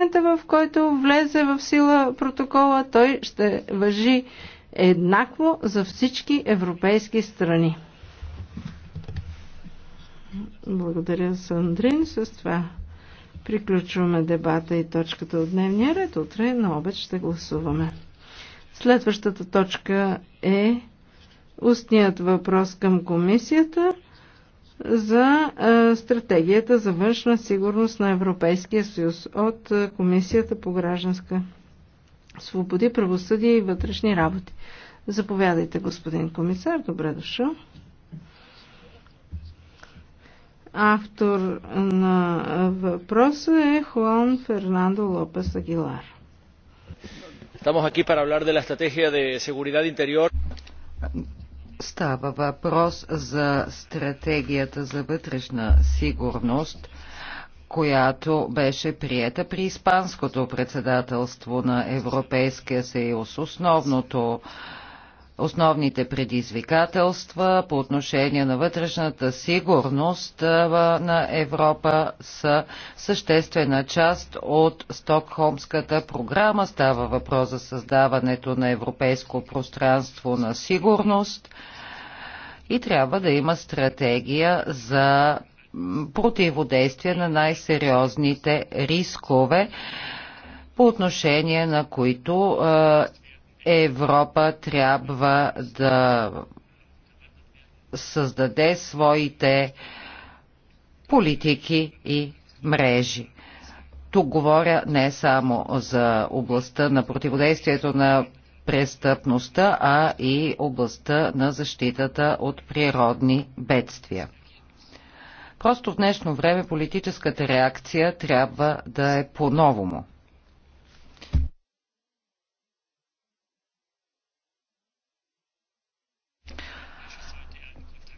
момента, в който влезе в сила протокола, той ще въжи еднакво за всички европейски страни. Благодаря, Сандрин. С това приключваме дебата и точката от дневния ред. Утре на обед ще гласуваме. Следващата точка е устният въпрос към комисията за е, стратегията за външна сигурност на Европейския съюз от е, Комисията по гражданска свободи, правосъдие и вътрешни работи. Заповядайте, господин комисар. Добре дошъл. Автор на е, въпроса е Хуан Фернандо Лопес Агилар. Estamos aquí para hablar de la estrategia de seguridad interior. Става въпрос за стратегията за вътрешна сигурност, която беше приета при Испанското председателство на Европейския съюз. Основното основните предизвикателства по отношение на вътрешната сигурност на Европа са съществена част от Стокхолмската програма. Става въпрос за създаването на европейско пространство на сигурност и трябва да има стратегия за противодействие на най-сериозните рискове, по отношение на които Европа трябва да създаде своите политики и мрежи. Тук говоря не само за областта на противодействието на престъпността, а и областта на защитата от природни бедствия. Просто в днешно време политическата реакция трябва да е по-новому.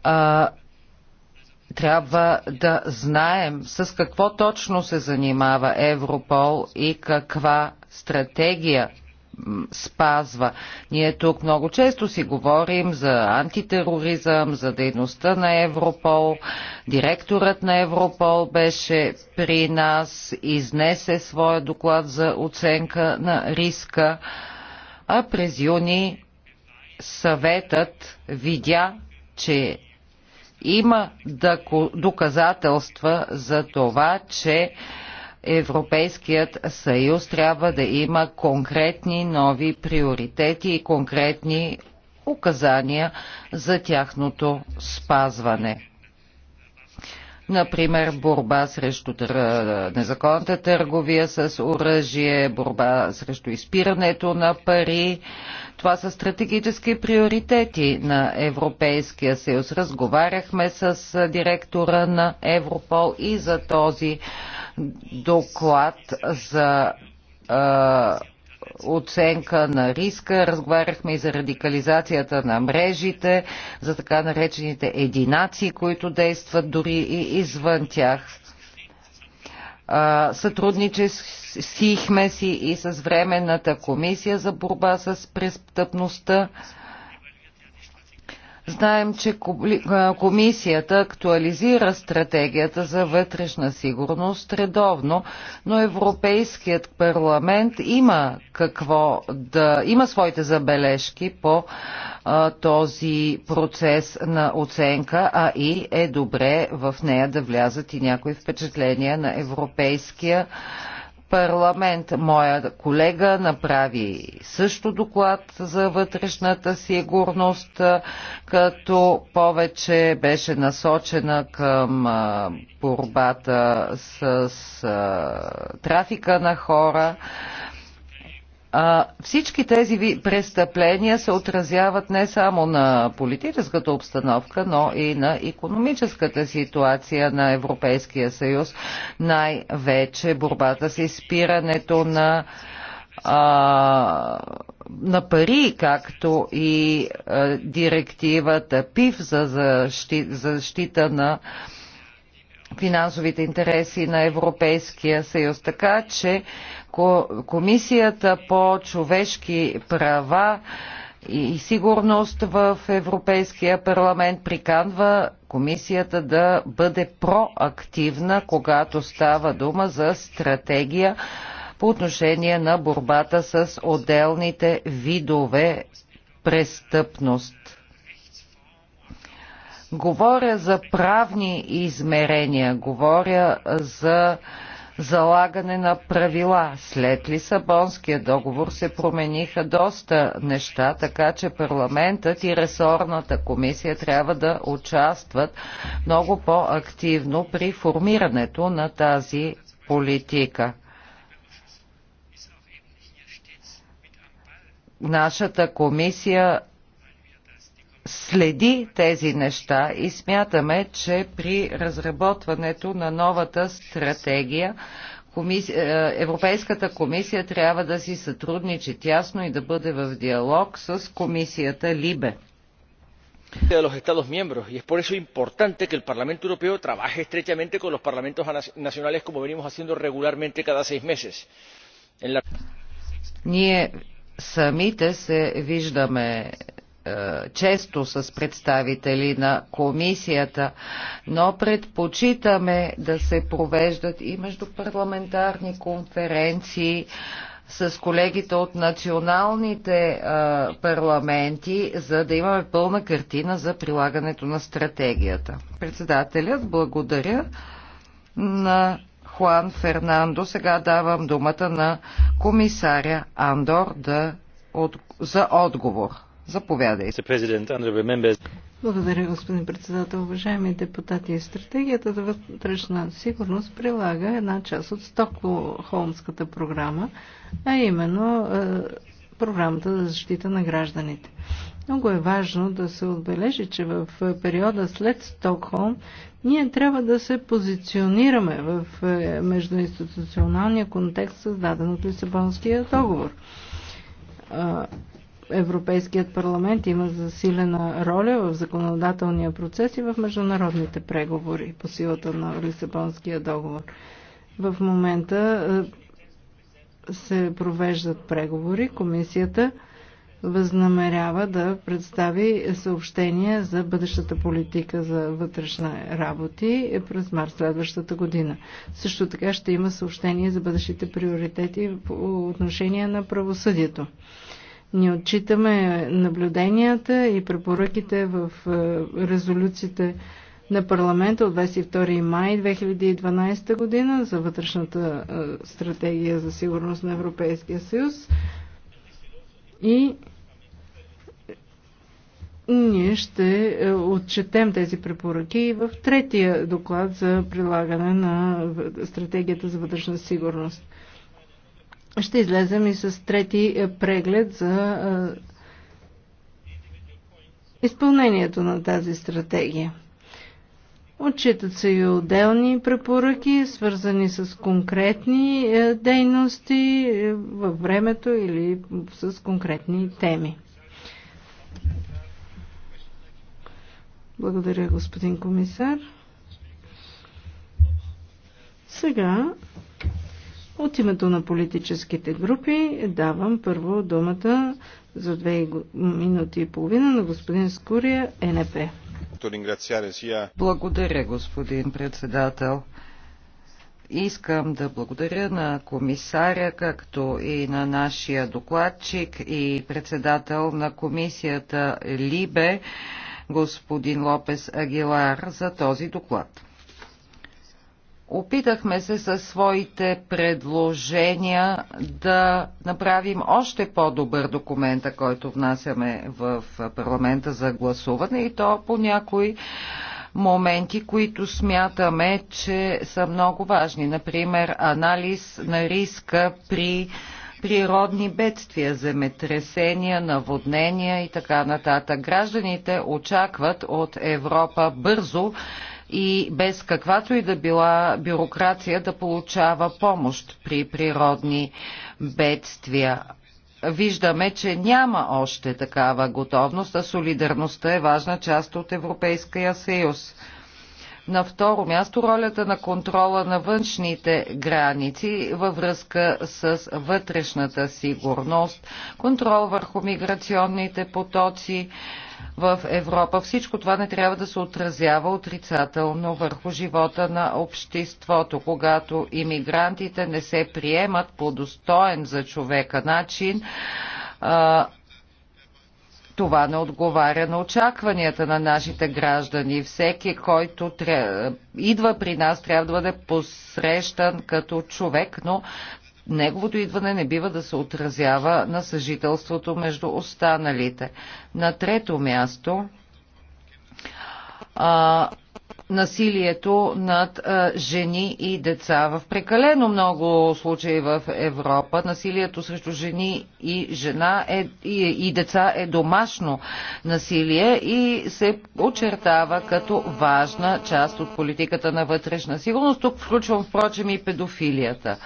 а, трябва да знаем с какво точно се занимава Европол и каква стратегия спазва. Ние тук много често си говорим за антитероризъм, за дейността на Европол. Директорът на Европол беше при нас, изнесе своя доклад за оценка на риска, а през юни съветът видя, че има доказателства за това, че Европейският съюз трябва да има конкретни нови приоритети и конкретни указания за тяхното спазване. Например, борба срещу незаконната търговия с оръжие, борба срещу изпирането на пари. Това са стратегически приоритети на Европейския съюз. Разговаряхме с директора на Европол и за този доклад за оценка на риска, разговаряхме и за радикализацията на мрежите, за така наречените единаци, които действат дори и извън тях. сихме си и с Временната комисия за борба с престъпността Знаем, че комисията актуализира стратегията за вътрешна сигурност редовно, но Европейският парламент има какво да има своите забележки по а, този процес на оценка, а и е добре в нея да влязат и някои впечатления на Европейския парламент парламент. Моя колега направи също доклад за вътрешната сигурност, като повече беше насочена към борбата с трафика на хора а, всички тези престъпления се отразяват не само на политическата обстановка, но и на економическата ситуация на Европейския съюз, най-вече борбата с изпирането на а, на пари, както и а, директивата ПИФ за защита, защита на финансовите интереси на Европейския съюз. Така че Комисията по човешки права и сигурност в Европейския парламент приканва комисията да бъде проактивна, когато става дума за стратегия по отношение на борбата с отделните видове престъпност. Говоря за правни измерения, говоря за залагане на правила. След Лисабонския договор се промениха доста неща, така че парламентът и ресорната комисия трябва да участват много по-активно при формирането на тази политика. Нашата комисия следи тези неща и смятаме, че при разработването на новата стратегия комисия, Европейската комисия трябва да си сътрудничи тясно и да бъде в диалог с комисията Либе. de los Estados miembros y es por eso importante que el Parlamento Europeo trabaje estrechamente con los parlamentos nacionales como venimos haciendo regularmente cada seis meses. En la... Ние самите се виждаме е, често с представители на комисията, но предпочитаме да се провеждат и междупарламентарни конференции с колегите от националните е, парламенти, за да имаме пълна картина за прилагането на стратегията. Председателят, благодаря на Хуан Фернандо. Сега давам думата на комисаря Андор да, от, за отговор. Заповядай. Благодаря, господин председател. Уважаеми депутати, стратегията за вътрешна сигурност прилага една част от Стокхолмската програма, а именно е, програмата за защита на гражданите. Много е важно да се отбележи, че в периода след Стокхолм ние трябва да се позиционираме в е, междуинституционалния контекст, създаден от Лисабонския договор. Европейският парламент има засилена роля в законодателния процес и в международните преговори по силата на Лисабонския договор. В момента е, се провеждат преговори. Комисията възнамерява да представи съобщение за бъдещата политика за вътрешна работи през март следващата година. Също така ще има съобщение за бъдещите приоритети по отношение на правосъдието. Ни отчитаме наблюденията и препоръките в е, резолюциите на парламента от 22 май 2012 година за вътрешната е, стратегия за сигурност на Европейския съюз и ние ще е, отчетем тези препоръки в третия доклад за прилагане на стратегията за вътрешна сигурност ще излезем и с трети е, преглед за е, изпълнението на тази стратегия. Отчитат се и отделни препоръки, свързани с конкретни е, дейности във времето или с конкретни теми. Благодаря, господин комисар. Сега от името на политическите групи давам първо думата за две минути и половина на господин Скурия, НП. Благодаря, господин председател. Искам да благодаря на комисаря, както и на нашия докладчик и председател на комисията Либе, господин Лопес Агилар, за този доклад. Опитахме се със своите предложения да направим още по-добър документа, който внасяме в парламента за гласуване и то по някои моменти, които смятаме, че са много важни. Например, анализ на риска при природни бедствия, земетресения, наводнения и така нататък. Гражданите очакват от Европа бързо и без каквато и да била бюрокрация да получава помощ при природни бедствия. Виждаме, че няма още такава готовност, а солидарността е важна част от Европейския съюз. На второ място ролята на контрола на външните граници във връзка с вътрешната сигурност, контрол върху миграционните потоци в Европа. Всичко това не трябва да се отразява отрицателно върху живота на обществото, когато иммигрантите не се приемат по достоен за човека начин това не отговаря на очакванията на нашите граждани. Всеки, който тря... идва при нас, трябва да бъде посрещан като човек, но неговото идване не бива да се отразява на съжителството между останалите. На трето място а, насилието над а, жени и деца. В прекалено много случаи в Европа насилието срещу жени и жена е, и, и деца е домашно насилие и се очертава като важна част от политиката на вътрешна сигурност. Тук включвам, впрочем, и педофилията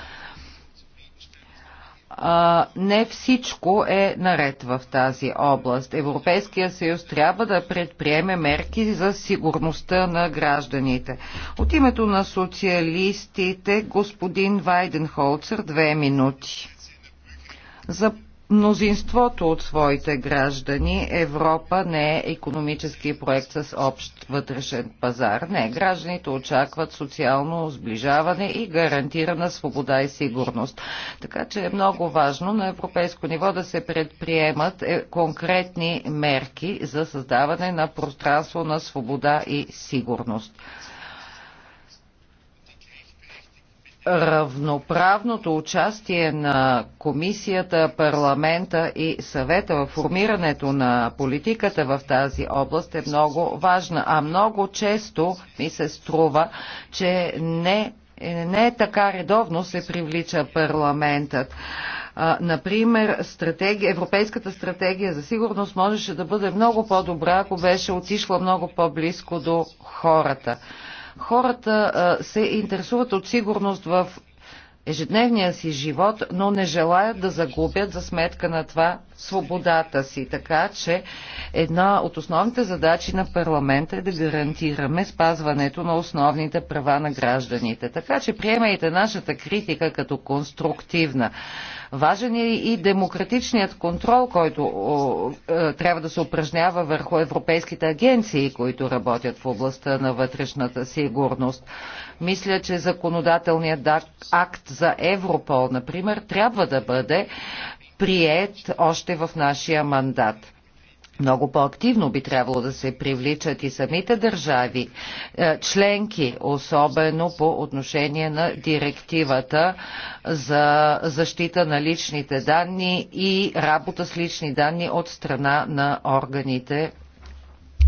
а, не всичко е наред в тази област. Европейския съюз трябва да предприеме мерки за сигурността на гражданите. От името на социалистите, господин Вайденхолцер, две минути. За мнозинството от своите граждани Европа не е економически проект с общ вътрешен пазар. Не, гражданите очакват социално сближаване и гарантирана свобода и сигурност. Така че е много важно на европейско ниво да се предприемат е, конкретни мерки за създаване на пространство на свобода и сигурност равноправното участие на комисията, парламента и съвета в формирането на политиката в тази област е много важна, а много често ми се струва, че не, не е така редовно се привлича парламентът. например, стратегия, Европейската стратегия за сигурност можеше да бъде много по-добра, ако беше отишла много по-близко до хората. Хората се интересуват от сигурност в ежедневния си живот, но не желаят да загубят за сметка на това свободата си. Така че една от основните задачи на парламента е да гарантираме спазването на основните права на гражданите. Така че приемайте нашата критика като конструктивна. Важен е и демократичният контрол, който е, трябва да се упражнява върху европейските агенции, които работят в областта на вътрешната сигурност. Мисля, че законодателният акт за Европол, например, трябва да бъде прият още в нашия мандат много по-активно би трябвало да се привличат и самите държави е, членки, особено по отношение на директивата за защита на личните данни и работа с лични данни от страна на органите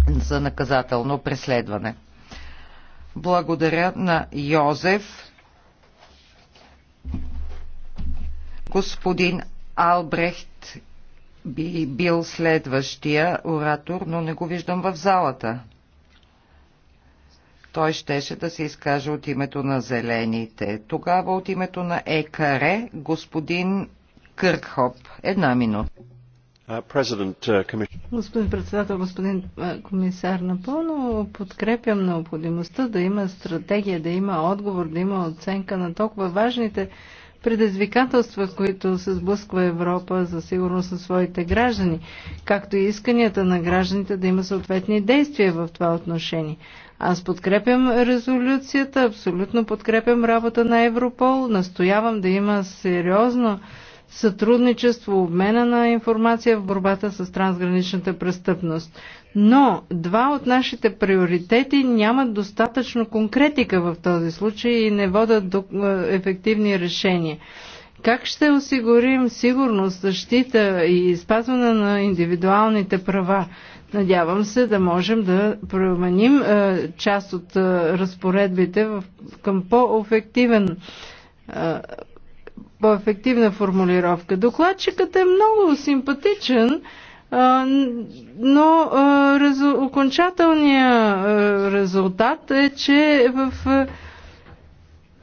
за наказателно преследване. Благодаря на Йозеф. Господин Албрехт би бил следващия оратор, но не го виждам в залата. Той щеше да се изкаже от името на зелените. Тогава от името на ЕКАРЕ господин Къркхоп. Една минута. Uh, uh, господин председател, господин uh, комисар, напълно подкрепям необходимостта да има стратегия, да има отговор, да има оценка на толкова важните предизвикателства, които се сблъсква Европа за сигурност на своите граждани, както и исканията на гражданите да има съответни действия в това отношение. Аз подкрепям резолюцията, абсолютно подкрепям работа на Европол, настоявам да има сериозно сътрудничество, обмена на информация в борбата с трансграничната престъпност. Но два от нашите приоритети нямат достатъчно конкретика в този случай и не водят до е, ефективни решения. Как ще осигурим сигурност, защита и спазване на индивидуалните права? Надявам се да можем да променим е, част от е, разпоредбите в, към по-ефективен е, по-ефективна формулировка. Докладчикът е много симпатичен, но окончателният резултат е, че в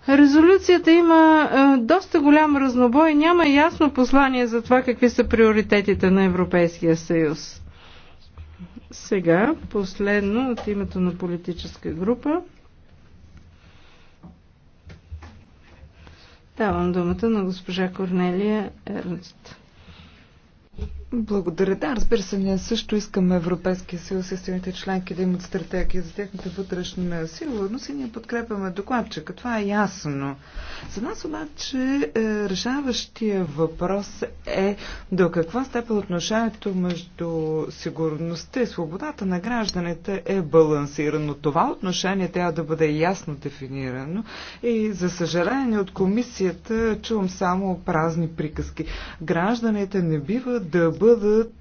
резолюцията има доста голям разнобой, няма ясно послание за това какви са приоритетите на Европейския съюз. Сега, последно, от името на политическа група. Давам думата на госпожа Корнелия Ернст. Благодаря. Да, разбира се, ние също искаме Европейския съюз и страните членки да имат стратегия за техната вътрешна сигурност и ние подкрепяме докладчика. Това е ясно. За нас обаче е, решаващия въпрос е до каква степен отношението между сигурността и свободата на гражданите е балансирано. Това отношение трябва да бъде ясно дефинирано и за съжаление от комисията чувам само празни приказки. Гражданите не бива да бъдат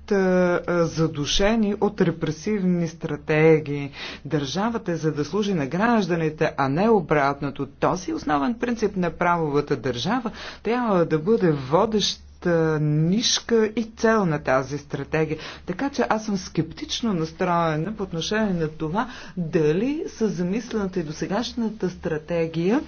задушени от репресивни стратегии. Държавата е за да служи на гражданите, а не обратното. Този основен принцип на правовата държава трябва да бъде водещ нишка и цел на тази стратегия. Така че аз съм скептично настроена по отношение на това дали с замислената и досегашната стратегия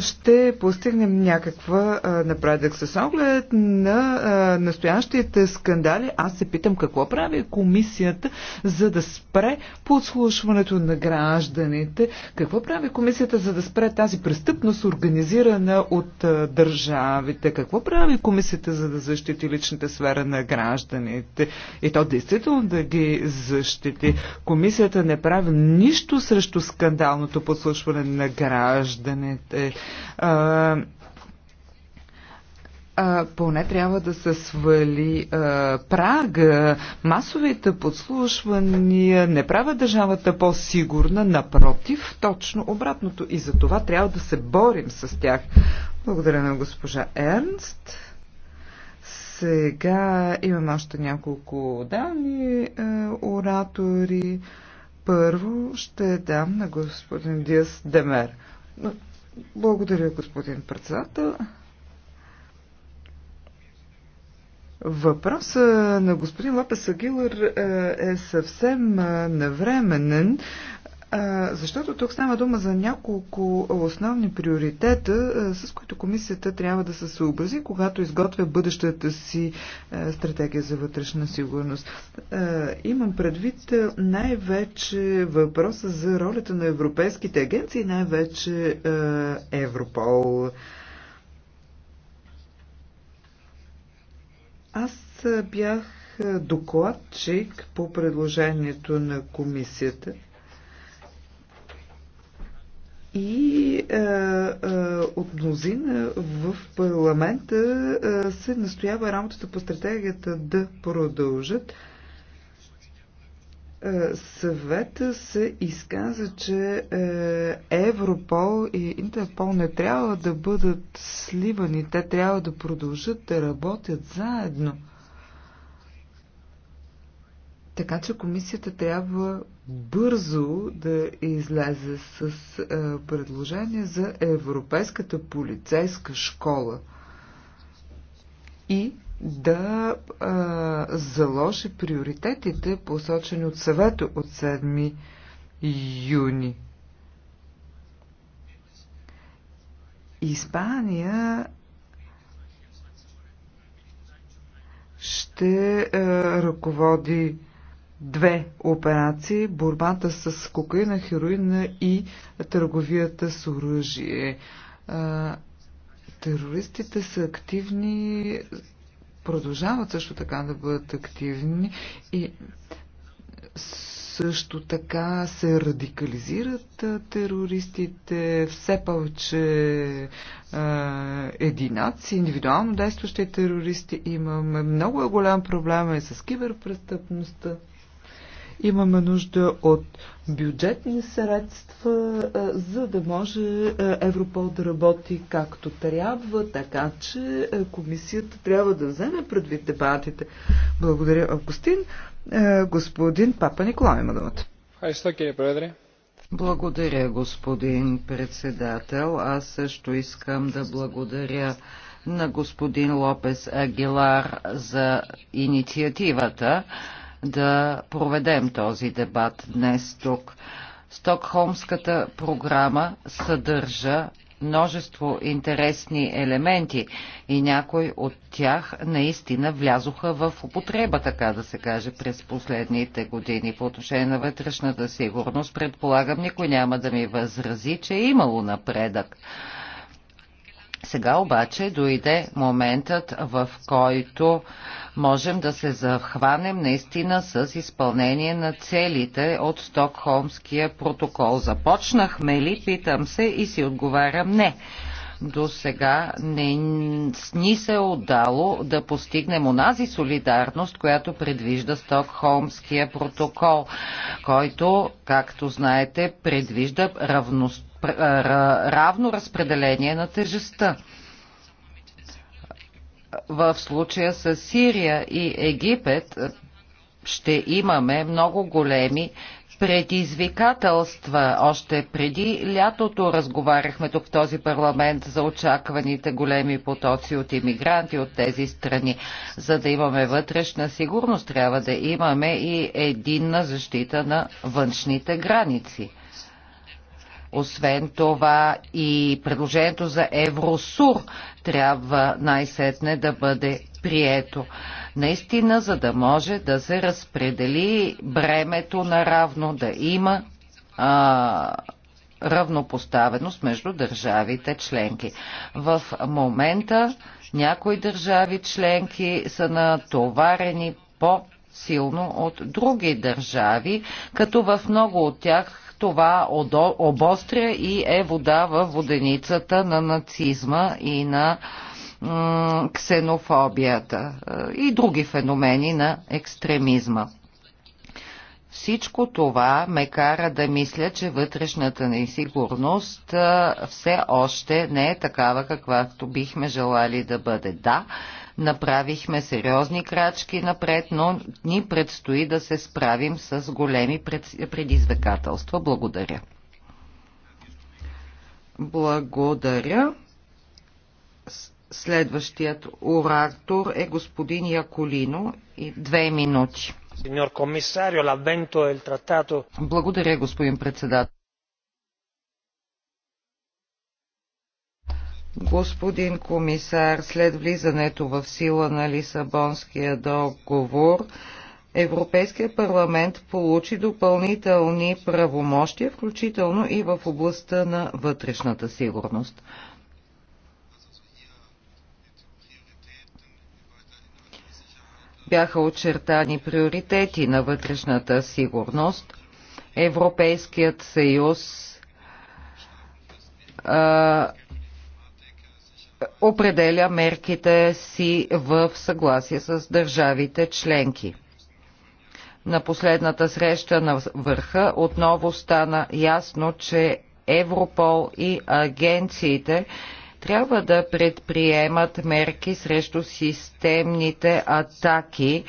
ще постигнем някаква напредък. С оглед на настоящите скандали, аз се питам какво прави комисията, за да спре подслушването на гражданите, какво прави комисията, за да спре тази престъпност, организирана от държавите, какво прави комисията, мерките, за да защити личната сфера на гражданите. И то действително да ги защити. Комисията не прави нищо срещу скандалното подслушване на гражданите. А, а, поне трябва да се свали а, прага. Масовите подслушвания не правят държавата по-сигурна, напротив, точно обратното. И за това трябва да се борим с тях. Благодаря на госпожа Ернст. Сега имам още няколко данни е, оратори. Първо ще дам на господин Диас Демер. Благодаря, господин председател. Въпросът на господин Лапес Агилър е, е съвсем е, навременен защото тук става дума за няколко основни приоритета, с които комисията трябва да се съобрази, когато изготвя бъдещата си стратегия за вътрешна сигурност. Имам предвид най-вече въпроса за ролята на европейските агенции, най-вече Европол. Аз бях докладчик по предложението на комисията – и а, е, а, е, от мнозина в парламента а, е, се настоява работата по стратегията да продължат. съвета се изказа, че Европол и Интерпол не трябва да бъдат сливани, те трябва да продължат да работят заедно. Така че комисията трябва бързо да излезе с е, предложение за Европейската полицейска школа и да е, заложи приоритетите, посочени от съвето от 7 юни. Испания ще е, ръководи две операции борбата с кокаина, хероина и търговията с оръжие. Терористите са активни, продължават също така да бъдат активни и също така се радикализират терористите, все повече единаци, индивидуално действащи терористи имаме. Много голям проблем и с киберпрестъпността. Имаме нужда от бюджетни средства, за да може Европол да работи както трябва, така че комисията трябва да вземе предвид дебатите. Благодаря, Августин. Господин Папа Николай има думата. Благодаря, господин председател. Аз също искам да благодаря на господин Лопес Агилар за инициативата да проведем този дебат днес тук. Стокхолмската програма съдържа множество интересни елементи и някои от тях наистина влязоха в употреба, така да се каже, през последните години. По отношение на вътрешната сигурност, предполагам, никой няма да ми възрази, че е имало напредък. Сега обаче дойде моментът, в който можем да се захванем наистина с изпълнение на целите от Стокхолмския протокол. Започнахме ли, питам се и си отговарям не. До сега не ни се отдало е да постигнем онази солидарност, която предвижда Стокхолмския протокол, който, както знаете, предвижда равност равно разпределение на тежестта. В случая с Сирия и Египет ще имаме много големи предизвикателства. Още преди лятото разговаряхме тук в този парламент за очакваните големи потоци от иммигранти от тези страни. За да имаме вътрешна сигурност, трябва да имаме и единна защита на външните граници. Освен това и предложението за Евросур трябва най-сетне да бъде прието. Наистина, за да може да се разпредели бремето наравно, да има а, равнопоставеност между държавите членки. В момента някои държави членки са натоварени по силно от други държави, като в много от тях това обостря и е вода в воденицата на нацизма и на ксенофобията е, и други феномени на екстремизма. Всичко това ме кара да мисля, че вътрешната несигурност е, все още не е такава, каквато бихме желали да бъде. Да, Направихме сериозни крачки напред, но ни предстои да се справим с големи предизвикателства. Благодаря. Благодаря. Следващият оратор е господин Яколино и две минути. Благодаря, господин председател. Господин комисар, след влизането в сила на Лисабонския договор, Европейския парламент получи допълнителни правомощия, включително и в областта на вътрешната сигурност. Бяха очертани приоритети на вътрешната сигурност. Европейският съюз а, определя мерките си в съгласие с държавите членки. На последната среща на върха отново стана ясно, че Европол и агенциите трябва да предприемат мерки срещу системните атаки,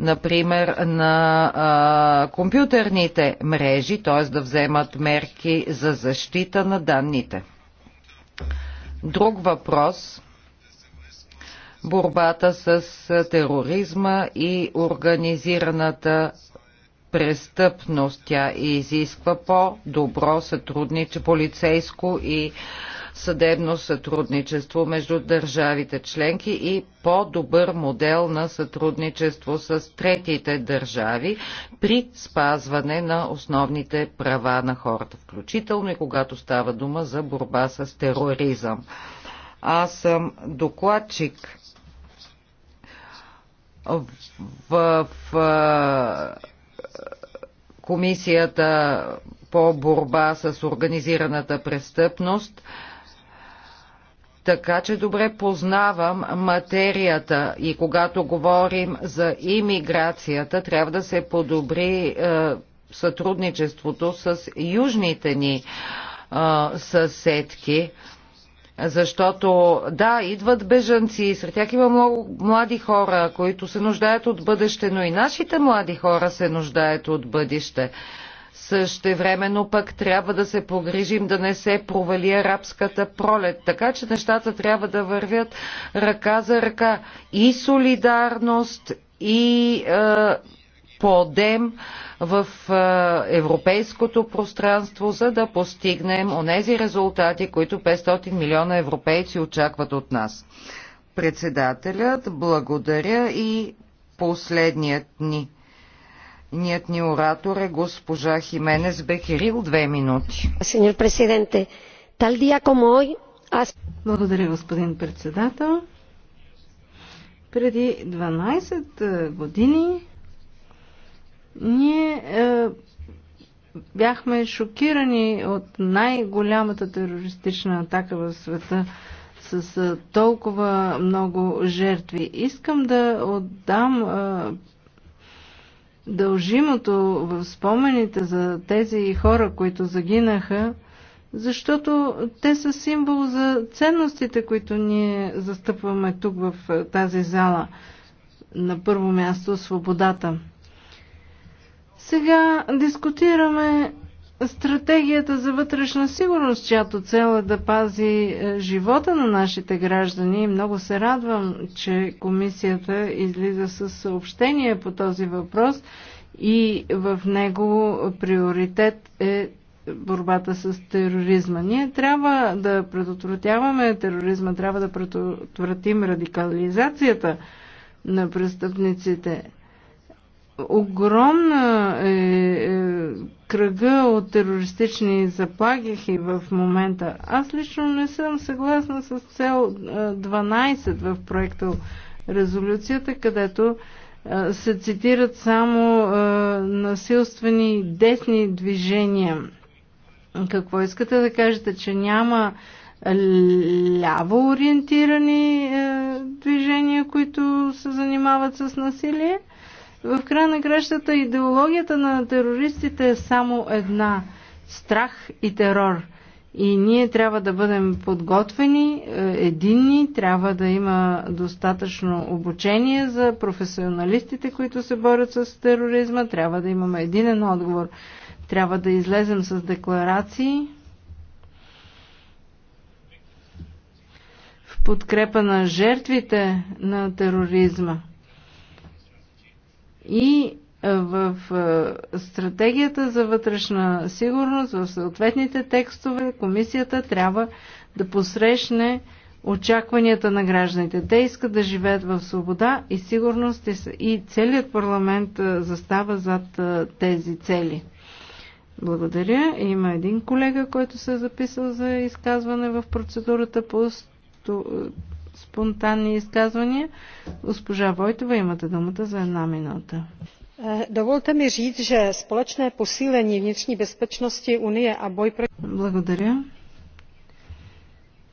например на а, компютърните мрежи, т.е. да вземат мерки за защита на данните. Друг въпрос борбата с тероризма и организираната престъпност. Тя изисква по-добро сътрудниче полицейско и съдебно сътрудничество между държавите членки и по-добър модел на сътрудничество с третите държави при спазване на основните права на хората, включително и когато става дума за борба с тероризъм. Аз съм докладчик в, в, в комисията по борба с организираната престъпност така че добре познавам материята и когато говорим за имиграцията, трябва да се подобри е, сътрудничеството с южните ни е, съседки, защото да, идват бежанци, сред тях има много млади хора, които се нуждаят от бъдеще, но и нашите млади хора се нуждаят от бъдеще времено пък трябва да се погрижим да не се провали арабската пролет. Така че нещата трябва да вървят ръка за ръка. И солидарност, и е, подем в е, европейското пространство, за да постигнем онези резултати, които 500 милиона европейци очакват от нас. Председателят, благодаря и последният ни Ният ни оратор е госпожа Хименес Бехерил. Две минути. Сеньор президенте, тал дия Аз... Благодаря, господин председател. Преди 12 е, години ние е, бяхме шокирани от най-голямата терористична атака в света с е, толкова много жертви. Искам да отдам е, дължимото в спомените за тези хора, които загинаха, защото те са символ за ценностите, които ние застъпваме тук в е, тази зала. На първо място свободата. Сега дискутираме стратегията за вътрешна сигурност, чиято цел е да пази е, живота на нашите граждани. Много се радвам, че комисията излиза с съобщение по този въпрос и в него приоритет е борбата с тероризма. Ние трябва да предотвратяваме тероризма, трябва да предотвратим радикализацията на престъпниците огромна е, е, кръга от терористични заплаги в момента. Аз лично не съм съгласна с цел 12 е, в проекта резолюцията, където е, се цитират само е, насилствени десни движения. Какво искате да кажете, че няма ляво ориентирани е, движения, които се занимават с насилие? В края на кращата идеологията на терористите е само една – страх и терор. И ние трябва да бъдем подготвени, е, единни, трябва да има достатъчно обучение за професионалистите, които се борят с тероризма, трябва да имаме единен отговор, трябва да излезем с декларации, В подкрепа на жертвите на тероризма. И е, в е, стратегията за вътрешна сигурност, в съответните текстове, комисията трябва да посрещне очакванията на гражданите. Те искат да живеят в свобода и сигурност и целият парламент е, застава зад тези цели. Благодаря. Има един колега, който се е записал за изказване в процедурата по спонтанни изказвания. Госпожа Войтова, имате думата за една минута. Е, Доволте ми říct, че společné posílení vnitřní bezpečnosti Unie а бой против... Благодаря.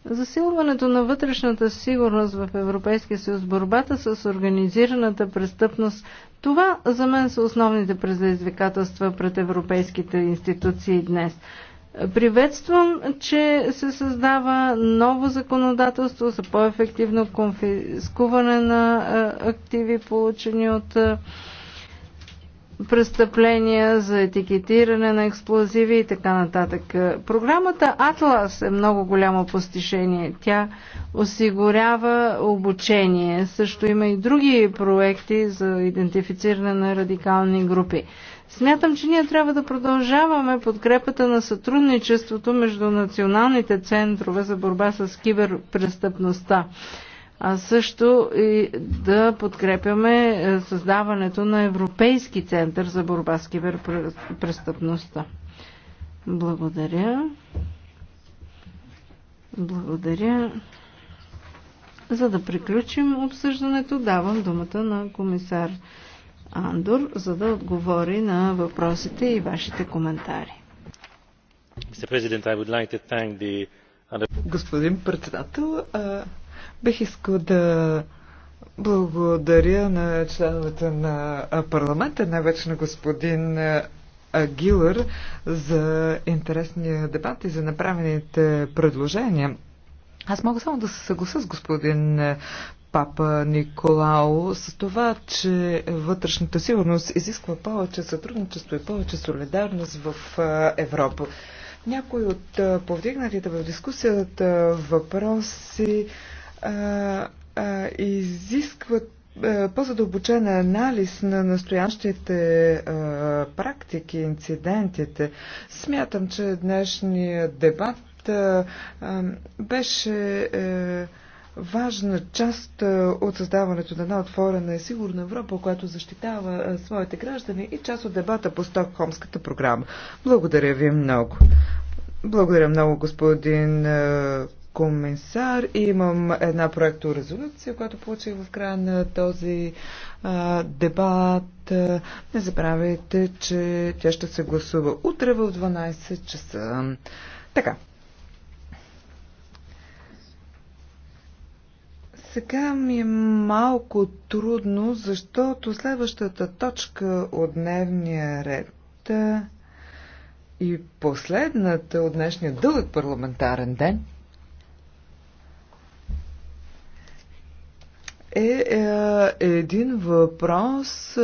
Засилването на вътрешната сигурност в Европейския съюз, борбата с организираната престъпност, това за мен са основните предизвикателства пред европейските институции днес. Приветствам, че се създава ново законодателство за по-ефективно конфискуване на активи, получени от престъпления, за етикетиране на експлозиви и така нататък. Програмата Атлас е много голямо постижение. Тя осигурява обучение. Също има и други проекти за идентифициране на радикални групи. Смятам, че ние трябва да продължаваме подкрепата на сътрудничеството между националните центрове за борба с киберпрестъпността а също и да подкрепяме е, създаването на Европейски център за борба с киберпрестъпността. Благодаря. Благодаря. За да приключим обсъждането, давам думата на комисар. Андор, за да отговори на въпросите и вашите коментари. Господин председател, бих искал да благодаря на членовете на парламента, най-вече на господин Гилър за интересния дебат и за направените предложения. Аз мога само да се съгласа с господин папа Николао с това, че вътрешната сигурност изисква повече сътрудничество и повече солидарност в Европа. Някои от повдигнатите в дискусията въпроси а, а, изискват по-задълбочен анализ на настоящите практики, инцидентите. Смятам, че днешният дебат беше. Е, важна част е, от създаването на една отворена и сигурна Европа, която защитава е, своите граждани и част от дебата по Стокхолмската програма. Благодаря ви много. Благодаря много, господин е, комисар. Имам една проекторезолюция, която получих в края на този а, дебат. Не забравяйте, че тя ще се гласува утре в 12 часа. Така, Сега ми е малко трудно, защото следващата точка от дневния ред и последната от днешния дълъг парламентарен ден е, е един въпрос,